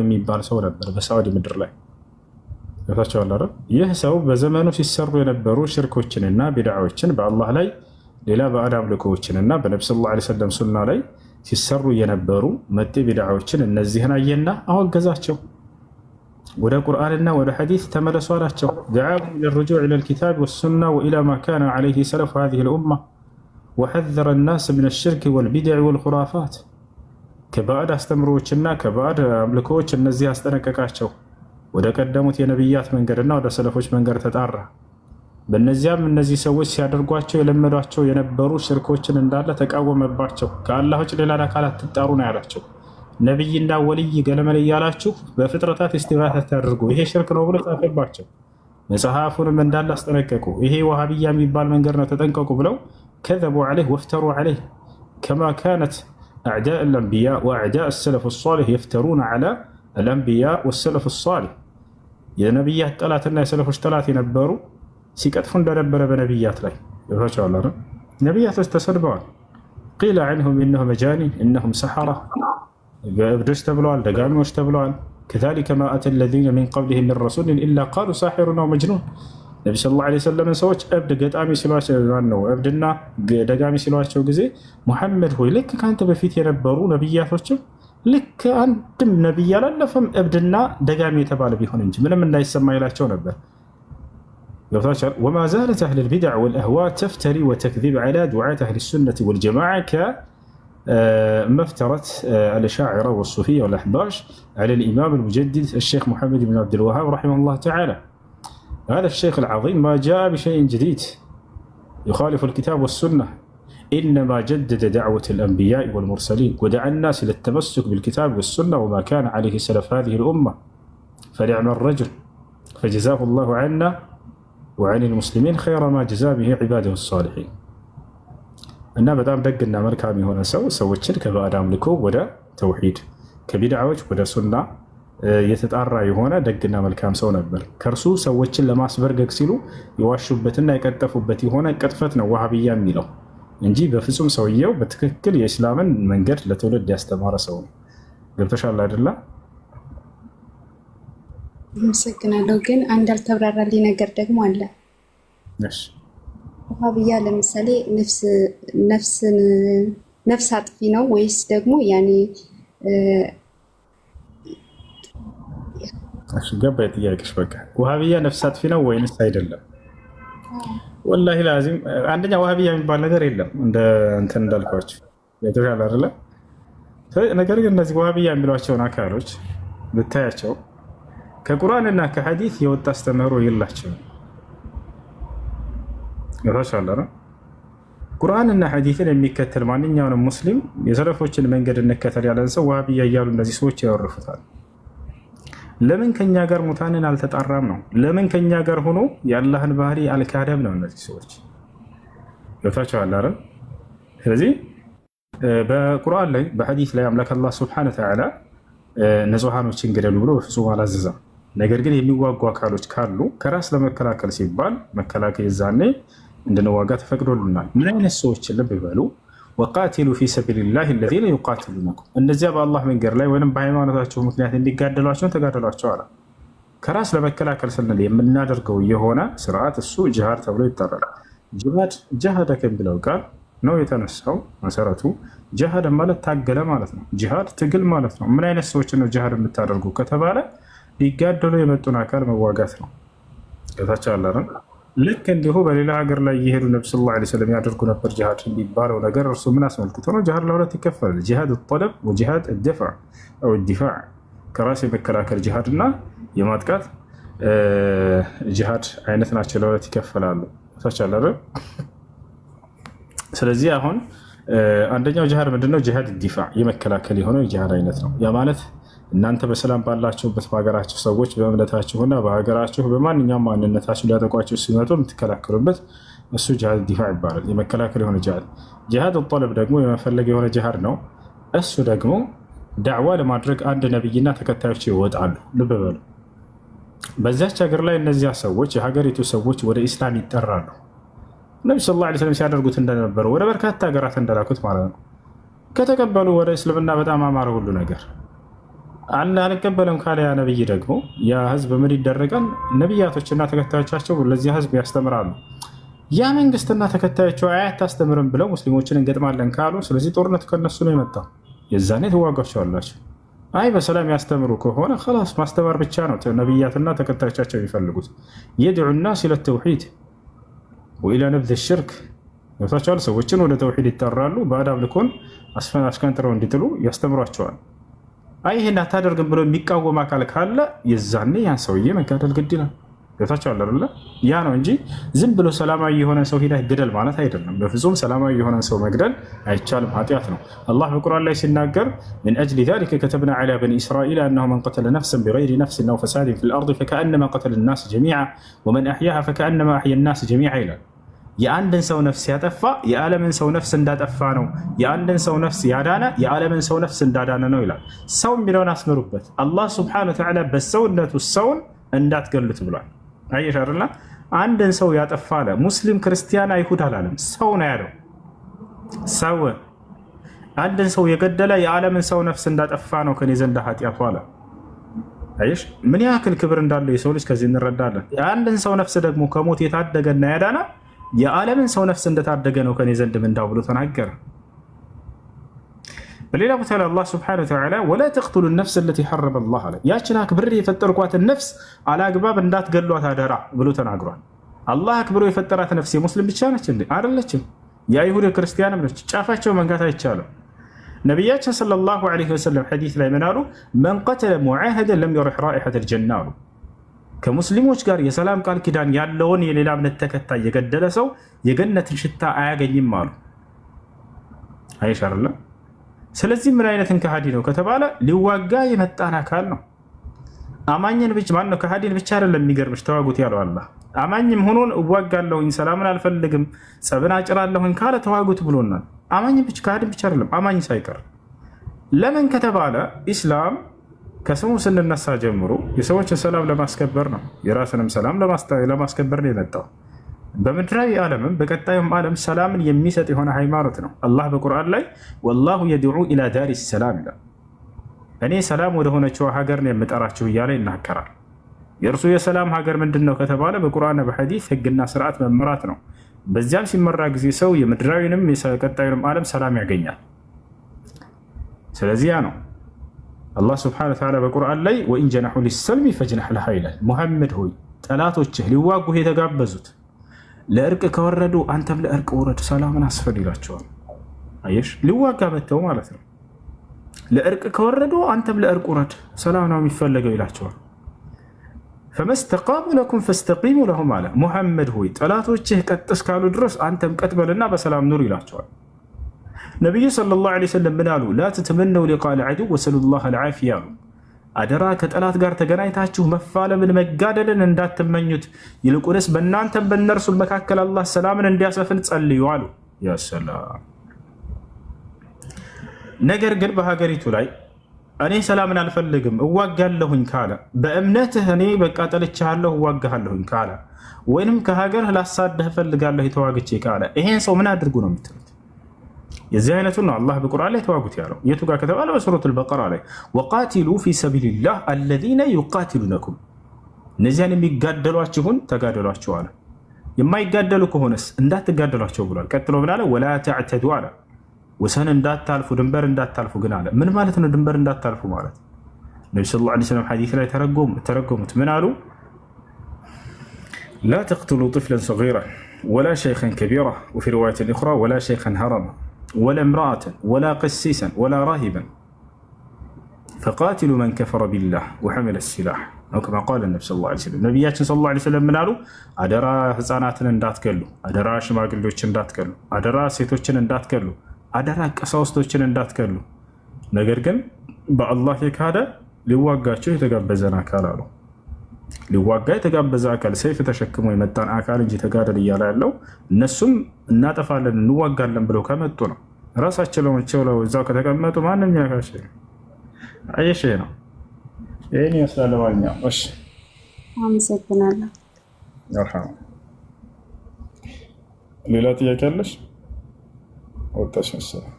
የሚባል ሰው ነበር በሳዑዲ ምድር ላይ ገብታቸዋል። ይህ ሰው በዘመኑ ሲሰሩ የነበሩ ሽርኮችንና ቢድዓዎችን በአላህ ላይ ሌላ ባዕድ አምልኮዎችንና በነቢ ስ ላ ሰለም ሱና ላይ ሲሰሩ የነበሩ መጤ ቢድዓዎችን እነዚህን አየና አወገዛቸው። ወደ ቁርአንና ወደ ሐዲስ ተመለሱ አላቸው። ደዓሁም ኢለ ኢለ ልኪታብ ወሱና ወኢላ ማ ካነ ዓለይህ ሰለፍ ሃዚህ ልኡማ ወሐዘረ ናስ ምን አሽርክ ወልቢድዕ ወልኹራፋት ከባዕድ አስተምሮዎችና ከባዕድ አምልኮዎች እነዚህ አስጠነቀቃቸው። ወደ ቀደሙት የነቢያት መንገድና ወደ ሰለፎች መንገድ ተጣራ። በእነዚያም እነዚህ ሰዎች ሲያደርጓቸው የለመዷቸው የነበሩ ሽርኮችን እንዳለ ተቃወመባቸው። ከአላህ ሌላ አካል አትጣሩ ነው ያላቸው። ነቢይና ወልይ ገለመል እያላችሁ በፍጥረታት ኢስቲጋሳ ታደርጉ ይሄ ሽርክ ነው ብሎ ጻፈባቸው። መጽሐፉንም እንዳለ አስጠነቀቁ። ይሄ ዋሃብያ የሚባል መንገድ ነው ተጠንቀቁ ብለው ከዘቡ ዐለይህ ወፍተሩ ዐለይህ ከማ ካነት أعداء الأنبياء وأعداء السلف الصالح يفترون على الأنبياء والسلፍ الصالح የነቢያት ጠላትና የሰለፎች ጠላት የነበሩ ሲቀጥፉ እንደነበረ በነቢያት ላይ ገብታችኋል አይደል? ነቢያቶች ተሰድበዋል። ቂለ አንሁም እነሁ መጃኒን እነሁም ሰሐራ እብዶች ተብለዋል፣ ደጋሚዎች ተብለዋል። ከዛሊከ ማ አተ ለዚነ ሚን ቀብሊሂም ምን ረሱልን ኢላ ቃሉ ሳሒሩን አው መጅኑን ነቢ ስ ላ ሰለምን ሰዎች እብድ ገጣሚ ሲሏቸው ነው እብድና ደጋሚ ሲሏቸው ጊዜ ሙሐመድ ሆይ ልክ ከአንተ በፊት የነበሩ ነቢያቶችም ልክ አንድም ነቢይ አላለፈም እብድና ደጋሚ የተባለ ቢሆን እንጂ ምንም እንዳይሰማ ይላቸው ነበር። ገብታችኋል? ወማ ዛለት አህል ልቢድዕ ወልአህዋ ተፍተሪ ወተክዚብ ዐላ ዱዓት አህል ሱነት ወልጀማዓ كما افترت الأشاعرة والصوفية والأحباش على الإمام المجدد الشيخ محمد بن عبد الوهاب رحمه الله تعالى هذا الشيخ العظيم ما جاء بشيء جديد يخالف الكتاب والسنة إنما جدد دعوة الأنبياء والمرسلين ودعا الناس إلى التمسك بالكتاب والسنة وما كان عليه سلف هذه الأمة فنعم الرجل فجزاه الله عنا وعن المسلمين خير ما جزاه به عباده الصالحين እና በጣም ደግና መልካም የሆነ ሰው ሰዎችን ከባዕድ አምልኮ ወደ توحيد ከቢድዓዎች ودا سنة የተጣራ የሆነ ደግና መልካም ሰው ነበር። ከእርሱ ሰዎችን ለማስበርገግ ሲሉ የዋሹበትና የቀጠፉበት የሆነ ቅጥፈት ነው ዋሃብያ የሚለው እንጂ በፍጹም ሰውየው በትክክል የእስላምን መንገድ ለትውልድ ያስተማረ ሰው ነው። ገብተሻል አይደላ? አመሰግናለሁ። ግን አንድ አልተብራራልኝ ነገር ደግሞ አለ። ውሃብያ ለምሳሌ ነፍስን ነፍስ አጥፊ ነው ወይስ ደግሞ ያኔ ገባ የጥያቄሽ። በቃ ውሃብያ ነፍስ አጥፊ ነው ወይንስ አይደለም? ወላሂ ላዚም አንደኛ ውሃብያ የሚባል ነገር የለም። እንደ እንትን እንዳልኳቸው የተሻለ አይደለ። ነገር ግን እነዚህ ውሃብያ የሚሏቸውን አካሎች ብታያቸው ከቁርአን እና ከሐዲት የወጣ አስተምህሮ የላቸው ይሻለ ነው። ቁርአንና ሐዲትን የሚከተል ማንኛውንም ሙስሊም የሰለፎችን መንገድ እንከተል ያለን ሰው ውሃብያ እያሉ እነዚህ ሰዎች ያወርፉታል። ለምን ከኛ ጋር ሙታንን አልተጣራም ነው? ለምን ከኛ ጋር ሆኖ የአላህን ባህሪ አልካደም ነው? እነዚህ ሰዎች ገብታችኋል አይደል? ስለዚህ በቁርአን ላይ በሐዲስ ላይ አምላክ አላህ ሱብሓነሁ ወተዓላ ንጹሐኖችን ግደሉ ብሎ በፍጹም አላዘዘም። ነገር ግን የሚዋጉ አካሎች ካሉ ከራስ ለመከላከል ሲባል መከላከል ዛኔ እንድንዋጋ ተፈቅዶልናል። ምን አይነት ሰዎች? ልብ ይበሉ ወቃትሉ ፊ ሰቢልላህ ለዚነ ዩቃትሉነኩም እነዚያ በአላህ መንገድ ላይ ወይም በሃይማኖታቸው ምክንያት እንዲጋደሏቸው ተጋደሏቸው አለ። ከራስ ለመከላከል ስንል የምናደርገው የሆነ ስርዓት እሱ ጅሃድ ተብሎ ይጠራል። ጅሃድ ጃሃደ ከሚለው ቃል ነው የተነሳው። መሰረቱ ጃሃደ ማለት ታገለ ማለት ነው። ጅሃድ ትግል ማለት ነው። ምን አይነት ሰዎችን ነው ጅሃድ የምታደርጉ ከተባለ ሊጋደሉ የመጡን አካል መዋጋት ነው። ከታች አላረን ልክ እንዲሁ በሌላ ሀገር ላይ እየሄዱ ነብ ስ ላ ስለም ያደርጉ ነበር። ጅሃድ የሚባለው ነገር እርሱ ምን አስመልክቶ ነው? ጅሃድ ለሁለት ይከፈላል። ጅሃድ ጠለብ ወጅሃድ ደፍዕ ው ዲፋዕ ከራስ የመከላከል ጅሃድ እና የማጥቃት ጅሃድ አይነት ናቸው። ለሁለት ይከፈላሉ። ታቻለ። ስለዚህ አሁን አንደኛው ጅሃድ ምንድነው? ጅሃድ ዲፋዕ የመከላከል የሆነው የጅሃድ አይነት ነው። ያ ማለት እናንተ በሰላም ባላችሁበት በሀገራችሁ ሰዎች በእምነታችሁና በሀገራችሁ በማንኛውም ማንነታችሁ ሊያጠቋቸው ሲመጡ የምትከላከሉበት እሱ ጅሃድ ዲፋ ይባላል። የመከላከል የሆነ ጅሃድ ጅሃድ ጠለብ ደግሞ የመፈለግ የሆነ ጅሃድ ነው። እሱ ደግሞ ዳዕዋ ለማድረግ አንድ ነቢይና ተከታዮች ይወጣሉ። ልብ በሉ። በዚያች ሀገር ላይ እነዚያ ሰዎች የሀገሪቱ ሰዎች ወደ ኢስላም ይጠራሉ። ነቢ ስ ላ ስለም ሲያደርጉት እንደነበሩ ወደ በርካታ ሀገራት እንደላኩት ማለት ነው። ከተቀበሉ ወደ እስልምና በጣም አማረ ሁሉ ነገር አን አልቀበለም ካለ ያ ነብይ ደግሞ ያ ህዝብ ምን ይደረጋል? ነቢያቶችና ተከታዮቻቸው ለዚህ ህዝብ ያስተምራሉ። ያ መንግስትና ተከታዮቸው አያታስተምርም ብለው ሙስሊሞችን እንገጥማለን ካሉ፣ ስለዚህ ጦርነት ከነሱ ነው የመጣው። የዛኔ ትዋጓቸዋላቸው። አይ በሰላም ያስተምሩ ከሆነ ላስ ማስተማር ብቻ ነው ነቢያትና ተከታዮቻቸው የሚፈልጉት። የድዑ ናስ ኢለ ተውሒድ ወኢለ ነብዝ ሽርክ ቻል ሰዎችን ወደ ተውሒድ ይጠራሉ። በአዳብ ልኮን አስከንጥረው እንዲጥሉ ያስተምሯቸዋል። አይ ይሄን አታደርግም ብሎ የሚቃወም አካል ካለ የዛኔ ያን ሰውዬ መጋደል ግድ ይላል። ቤታቸው አለ ያ ነው እንጂ ዝም ብሎ ሰላማዊ የሆነ ሰው ሂዳ ግደል ማለት አይደለም። በፍጹም ሰላማዊ የሆነ ሰው መግደል አይቻልም፣ ኃጢአት ነው። አላህ በቁርአን ላይ ሲናገር ምን አጅሊ ዛሊከ ከተብና ዐላ በኒ እስራኢል አነሁ መን ቀተለ ነፍሰን ቢገይሪ ነፍሲን አው ፈሳድን ፊል አርድ ፈከአነማ ቀተለ ናስ ጀሚዓ ወመን አሕያሃ ፈከአነማ አሕያ ናስ ጀሚዓ ይላል። የአንድን ሰው ነፍስ ያጠፋ የዓለምን ሰው ነፍስ እንዳጠፋ ነው። የአንድን ሰው ነፍስ ያዳነ የዓለምን ሰው ነፍስ እንዳዳነ ነው ይላል። ሰው የሚለውን አስምሩበት። አላህ ሱብሓነሁ ወተዓላ በሰውነቱ ሰውን እንዳትገሉት ብሏል። አየሽ አንድን ሰው ያጠፋ አለ። ሙስሊም፣ ክርስቲያን፣ አይሁድ አላለም። ሰው ነው ያለው። ሰው አንድን ሰው የገደለ የዓለምን ሰው ነፍስ እንዳጠፋ ነው ከኔ ዘንድ ኃጢአቱ አለ። አየሽ ምን ያክል ክብር እንዳለው የሰው ልጅ ከዚህ እንረዳለን። የአንድን ሰው ነፍስ ደግሞ ከሞት የታደገና ያዳነ የዓለምን ሰው ነፍስ እንደታደገ ነው ከኔ ዘንድ ምንዳው ብሎ ተናገረ። በሌላ ቦታ ላይ አላህ ስብሐነሁ ወተዓላ ወላ ተቅቱሉ ነፍስ ለቲ ሐረመ አላህ አለ ያችን አክብሬ የፈጠርኳትን ነፍስ አላግባብ እንዳትገሏት አደራ ብሎ ተናግሯል። አላህ አክብሮ የፈጠራት ነፍስ የሙስሊም ብቻ ነች እንዴ? አይደለችም። የአይሁድ ክርስቲያንም ነች። ጫፋቸው መንካት አይቻልም። ነቢያችን ሰለላሁ ዐለይሂ ወሰለም ሐዲስ ላይ ምን አሉ? መን ቀተለ ሙዓሀደን ለም የሪሕ ራኢሐተል ጀና አሉ ከሙስሊሞች ጋር የሰላም ቃል ኪዳን ያለውን የሌላ እምነት ተከታይ የገደለ ሰው የገነትን ሽታ አያገኝም አሉ። አይሻርለ ስለዚህ ምን አይነትን ከሃዲ ነው ከተባለ ሊዋጋ የመጣን አካል ነው። አማኝን ብቻ ማነው ከሃዲን ብቻ አይደለም። የሚገርምሽ ተዋጉት ያለው አላህ አማኝም ሆኖን እዋጋለሁኝ ሰላምን አልፈልግም ጸብን አጭራለሁኝ ካለ ተዋጉት ብሎናል። አማኝ ብቻ ከሃዲን ብቻ አይደለም። አማኝ ሳይቀር ለምን ከተባለ ኢስላም ከስሙ ስንነሳ ጀምሮ የሰዎችን ሰላም ለማስከበር ነው። የራስንም ሰላም ለማስከበር ነው የመጣው። በምድራዊ ዓለምም በቀጣዩም ዓለም ሰላምን የሚሰጥ የሆነ ሃይማኖት ነው። አላህ በቁርአን ላይ ወላሁ የድዑ ኢላ ዳሪ ሰላም ይላል። እኔ ሰላም ወደሆነችው ሀገር ነው የምጠራችሁ እያለ ይናገራል። የእርሱ የሰላም ሀገር ምንድን ነው ከተባለ በቁርአን በሐዲስ ህግና ስርዓት መመራት ነው። በዚያም ሲመራ ጊዜ ሰው የምድራዊንም የቀጣዩንም ዓለም ሰላም ያገኛል። ስለዚያ ነው አላህ ስብሐነሁ ወተዓላ በቁርአን ላይ ወኢን ጀናሑ ሊሰልሚ ፈጅነሕ ለሃ ይላል። ሙሐመድ ሆይ ጠላቶችህ ሊዋጉህ የተጋበዙት ለእርቅ ከወረዱ አንተም ለእርቅ ውረድ፣ ሰላምን አስፈል ይላቸዋል። አየሽ ሊዋጋ መተው ማለት ነው። ለእርቅ ከወረዱ አንተም ለእርቅ ውረድ፣ ሰላም ነው የሚፈለገው ይላቸዋል። ፈመስተቃሙ ለኩም ፈስተቂሙ ለሁም አለ ሙሐመድ ሆይ ጠላቶችህ ቀጥ እስካሉ ድረስ አንተም ቀጥ በሰላም ኑር ይላቸዋል። ነቢዩ ሰለላሁ ዐለይሂ ወሰለም ምን አሉ? ላ ተተመነው ሊቃ ልዐድው ወሰሉላህ አልዓፊያ አሉ። አደራ ከጠላት ጋር ተገናኝታችሁ መፋለምን መጋደልን እንዳትመኙት፣ ይልቁንስ በእናንተም በእነርሱም መካከል አላህ ሰላምን እንዲያሰፍን ጸልዩ አሉ። ያ ነገር ግን በሀገሪቱ ላይ እኔ ሰላምን አልፈልግም እዋጋለሁኝ ካለ በእምነትህ እኔ በቃ ጠልቻለሁ እዋጋለሁኝ ካለ ወይንም ከሀገር ላሳድህ እፈልጋለሁ የተዋግቼ ካለ ይሄን ሰው ምን አድርጉ ነው የምትሉት? የዚህ አይነቱን ነው አላህ በቁርአን ላይ ተዋጉት ያለው። የቱ ጋር ከተባለ በሱረቱል በቀራ ላይ ወቃቲሉ ፊ ሰቢልላህ አለዚነ ዩቃቲሉነኩም፣ እነዚያን የሚጋደሏችሁን ተጋደሏቸው አለ። የማይጋደሉ ከሆነስ እንዳትጋደሏቸው ብሏል። ቀጥሎ ምን አለ? ወላ ተዕተዱ አለ። ወሰን እንዳታልፉ ድንበር እንዳታልፉ ግን አለ። ምን ማለት ነው ድንበር እንዳታልፉ ማለት? ነቢ ስ ላ ስለም ሐዲስ ላይ ተረጎሙት ምን አሉ? ላ ተቅትሉ ጥፍለን ሰጊራ ወላ ሸይኸን ከቢራ ወፊ ሪዋየትን እኽራ ወላ ሸይኸን ሀረማ ወላ እምራአተን ወላ ቀሲሰን ወላ ራሂበን ፈቃትሉ መን ከፈረ ቢላህ ወሐመለ ሲላሕ ከማ ቃለ ነቢ ስ ስለም ነቢያችን ስለ ላ ስለም ምናሉ? አደራ ህፃናትን እንዳትገሉ፣ አደራ ሽማግሌዎችን እንዳትገሉ፣ አደራ ሴቶችን እንዳትገሉ፣ አደራ ቀሳውስቶችን እንዳትገሉ፣ ነገር ግን በአላህ የካደ ሊዋጋቸው የተጋበዘን አካል አሉ። ሊዋጋ የተጋበዘ አካል ሰይፍ ተሸክሞ የመጣን አካል እንጂ ተጋደል እያለ ያለው እነሱም እናጠፋለን እንዋጋለን ብለው ከመጡ ነው። ራሳቸው ለመቸው ብለው እዛው ከተቀመጡ ማንም ያካሽ አየሽ ነው። ይህን ይመስላል። ማንኛውም እሺ፣ አመሰግናለሁ። ሌላ ጥያቄ አለሽ? ወጣሽ መሰለኝ